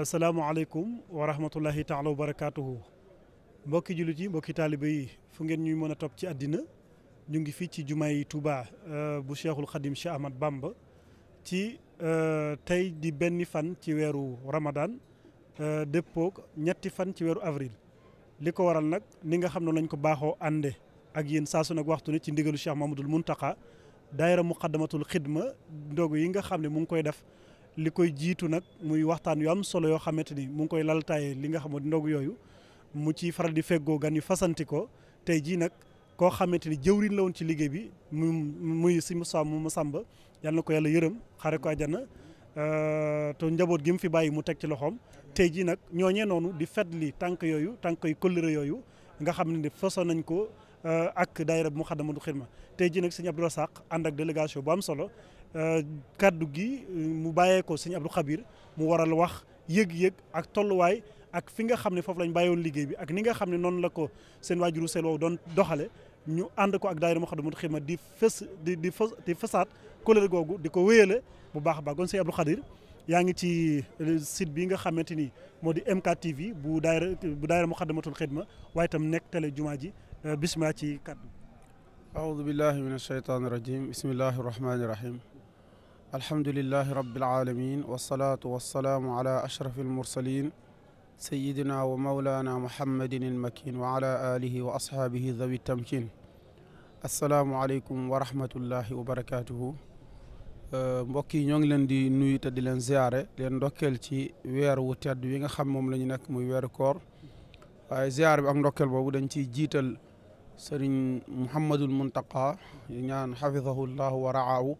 asalaamaaleykum euh, wa rahmatullahi taala wa barakaatuhu mbokki jullit yi mbokki taalibe fu ngeen ñuy mën a topp ci àddina ñu ngi fii ci jumaay tubaa euh, bu Cheikhul Khadim Cheikh Ahmad Bamba ci Euh, tey di benn fan ci weeru Ramadan euh, dëppoo ñetti fan ci weeru avril li ko waral nag ni nga xam ne lañ ko baaxoo ànde ak yéen saasu nag waxtu ne ci ndigalu Cheikh Mamadul Muntaqa daayira muqaddamatul xidma ndogu yi nga xam ne mu ngi koy def li koy jiitu nag muy waxtaan yu am solo yoo xamante ni mu ngi koy laltaaye li nga xam ne ndogu yooyu mu ci faral di feggoo gan yu fasanti ko tey jii nag koo xamante ni jëwriñ la woon ci liggéey bi mu muy si mu sàmm mu Samba yal na ko yàlla yërëm xare ko àjjana euh, te njaboot gi mu fi bàyyi mu teg ci loxoom tey jii nag ñooñee noonu di fetli tànk yooyu tànk yu kóllëre yooyu nga xam ne façon nañ ko euh, ak daayira bu Muxaddamatul Xidma tey ji nag sëñ Abdou Rassaq ànd ak délégation bu am solo euh, kàddu gi mu bàyyee ko sëñ Abdou Xabir mu waral wax yëg-yëg ak tolluwaay ak fi nga xam ne foofu lañ bàyyoon liggéey bi ak ni nga xam ne noonu la ko seen waajuru seen woow doon doxale ñu ànd ko ak daayira Moukhaddamatoul Khidma di fës di di fës di fësaat kóllëre googu di ko wéyale bu baax a baax kon sëñ Abdou Khadir yaa ngi ci euh, sit bi nga xamante ni moo di MKTV bu daayira bu daayira Moukhaddamatoul Khidma waaye tam nekk télé jumaa ji euh, bisimilah ci kàddu aoudu billahi min alsheytaan irajim bismillahi irrahmani irahim alhamdulilahi rabil alamin سيدنا ومولانا محمد المكين وعلى آله وأصحابه ذوي التمكين السلام عليكم ورحمة الله وبركاته mbokk yi ñoo ngi leen di nuyu di leen ziare leen ndokkeel ci weer wu tedd wi nga xam moom la ñu nekk muy weeru koor waaye ziare bi ak ndokkeel boobu dañ ciy jiital sëriñ Mouhamadul Muntaqa ñaan xafidahu llahu wa raahu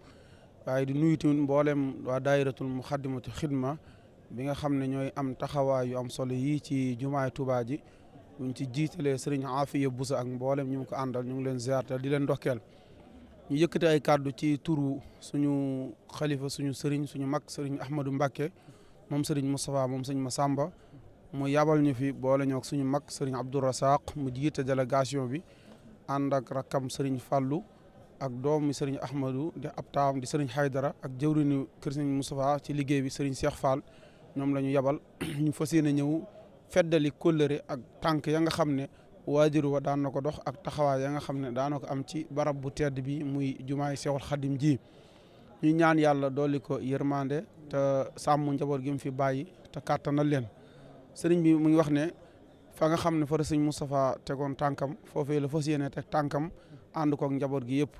waaye di nuyu tamit mboolem waa daayiratul muxaddimatu xidma bi nga xam ne ñooy am taxawaay yu am solo yii ci jumaay Tuubaa ji buñ ci jiitalee sëriñ Afiya Busa ak mboolem ñu ko àndal ñu ngi leen ziartal di leen ndokkeel ñu yëkkati ay kàddu ci turu suñu xalifa suñu sëriñ suñu mag sëriñ Ahmadou Mbacke moom sëriñ Moustapha moom sëriñ sàmba mu yabal ñu fi boole ñoo suñu mag sëriñ Abdou Rassaq mu jiite délégation bi ànd ak rakkam sëriñ Fallou ak doom sëriñ Ahmadou di ab taawam di sëriñ Haydara ak jëwriñu kër sëriñ ci liggéey bi sëriñ Cheikh Fall ñoom la ñu yabal ñu fas yéene ñëw feddali kóllëre ak tànk ya nga xam ne waajur wa daan na ko dox ak taxawaay ya nga xam ne daan na ko am ci barab bu tedd bi muy jumaay Seexul Xadim ji ñu ñaan yàlla dolli ko yërmande te sàmm njaboot gi mu fi bàyyi te kàttanal leen sëriñ bi mu wax ne fa nga xam ne fa sëriñ Moustapha tegoon tànkam foofee la fas yéene teg tànkam ànd kook njaboot gi yëpp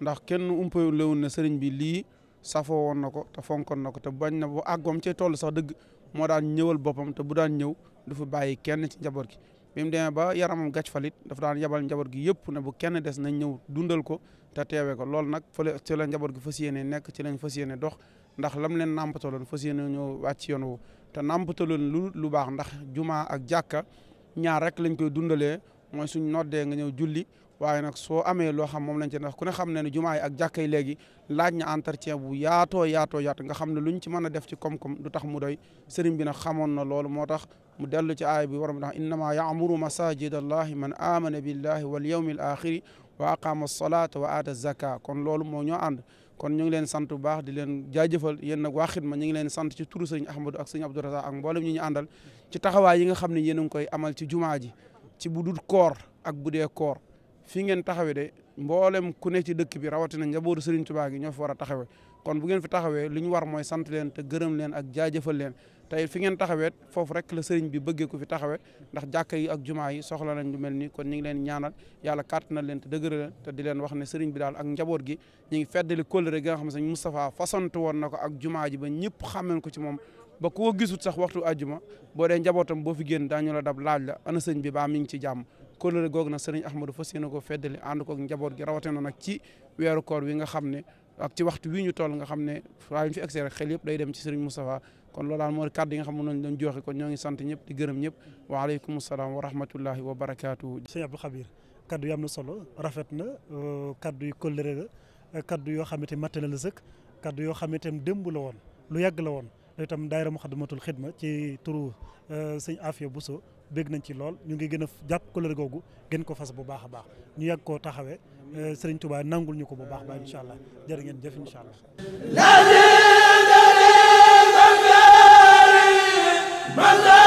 ndax kenn umpalewul ne sëriñ bi lii safoo woon na ko te fonkoon na ko te bañ na bu àggoom cee toll sax dëgg moo daan ñëwal boppam te bu daan ñëw du fi bàyyi kenn ci njaboot gi bi mu demee ba yaramam gàcc falit dafa daan yabal njaboot gi yëpp na bu kenn des nañ ñëw dundal ko te teewee ko loolu nag fële ci la njaboot gi fas yéene nekk ci lañ fas yéene dox ndax lam leen nàmpataloon fas yéene ñoo wàcc yoon woowu te nàmpataloon lu lu baax ndax jumaa ak jàkka ñaar rek lañ koy dundalee mooy suñ noddee nga ñëw julli waaye nag soo amee loo xam moom lañ ci ndax ku ne xam ne ne jumaa yi ak jàkka yi léegi laaj na entretien bu yaatoo yaatoo yaatu nga xam ne luñ ci mën a def ci koom-koom tax mu doy sëriñ bi nag xamoon na loolu moo tax mu dellu ci aaya bi waram ndax innama yaamuru masajid allahi man amana billahi wal yawmi al axiri wa aqama alsolata wa aata zaka kon loolu moo ñoo ànd kon ñu ngi leen sant bu baax di leen jaajëfal yéen nag waa xidma ñu ngi leen sant ci turu sëriñ Ahmadou ak sëriñ Abdou Razak ak mboolem ñu ñu àndal ci taxawaay yi nga xam ne yéen a ngi koy amal ci jumaa ji ci bu dul koor ak bu dee koor fii ngeen taxawee de mboolem ku ne ci dëkk bi rawatina njabootu Serigne Touba gi ñoo fi war a taxawe kon bu ngeen fi taxawee li ñu war mooy sant leen te gërëm leen ak jaajëfal tey fi ngeen taxawee foofu rek la sëriñ bi bëggee ku fi taxawee ndax jàkka yi ak jumaa yi soxla nañ lu mel nii kon ñu ngi leen ñaanal yàlla kàttanal leen te dëgëral leen te di leen wax ne sëriñ bi daal ak njaboot gi ñu ngi feddali kóllëre gi nga xam ne Moustapha fasant woon na ko ak jumaa ji ba ñëpp xameen ko ci moom ba ku ko gisut sax waxtu àjjuma boo dee njabootam boo fi génn daañu la dab laaj la ana sëñ bi baa mi ngi ci jàmm kóllëre googu nag sëriñ Ahmadou fas yéene ko feddali ànd koog njaboot gi rawatina nag ci weeru koor wi nga xam ne ak ci waxtu wi ñu toll nga xam ne waa ñu fi egsi yëpp day dem ci sëriñ Moustapha kon loolu daal mooy kàddu yi nga xam ne noonu lañ joxe kon ñoo ngi sant ñëpp di gërëm ñëpp waaleykum salaam wa rahmatullahi wa barakaatu. sëñ Abdou Khabir kaddu yi am na solo rafet na euh, kaddu yi kóllëre la kaddu yoo xamante matal la sëkk kaddu yoo xamante démb la woon lu yàgg la woon itam daayira Muxaddamatul Xidma ci turu euh, sëñ bu Bousso bégg nañ ci lool ñu ngi gën a jàpp couleur googu gën ko fas bu baax a baax ñu yàgg koo taxawee euh, sëriñ Touba nangul ñu ko bu baax a baax incha allah jërë ngeen jëf incha allah.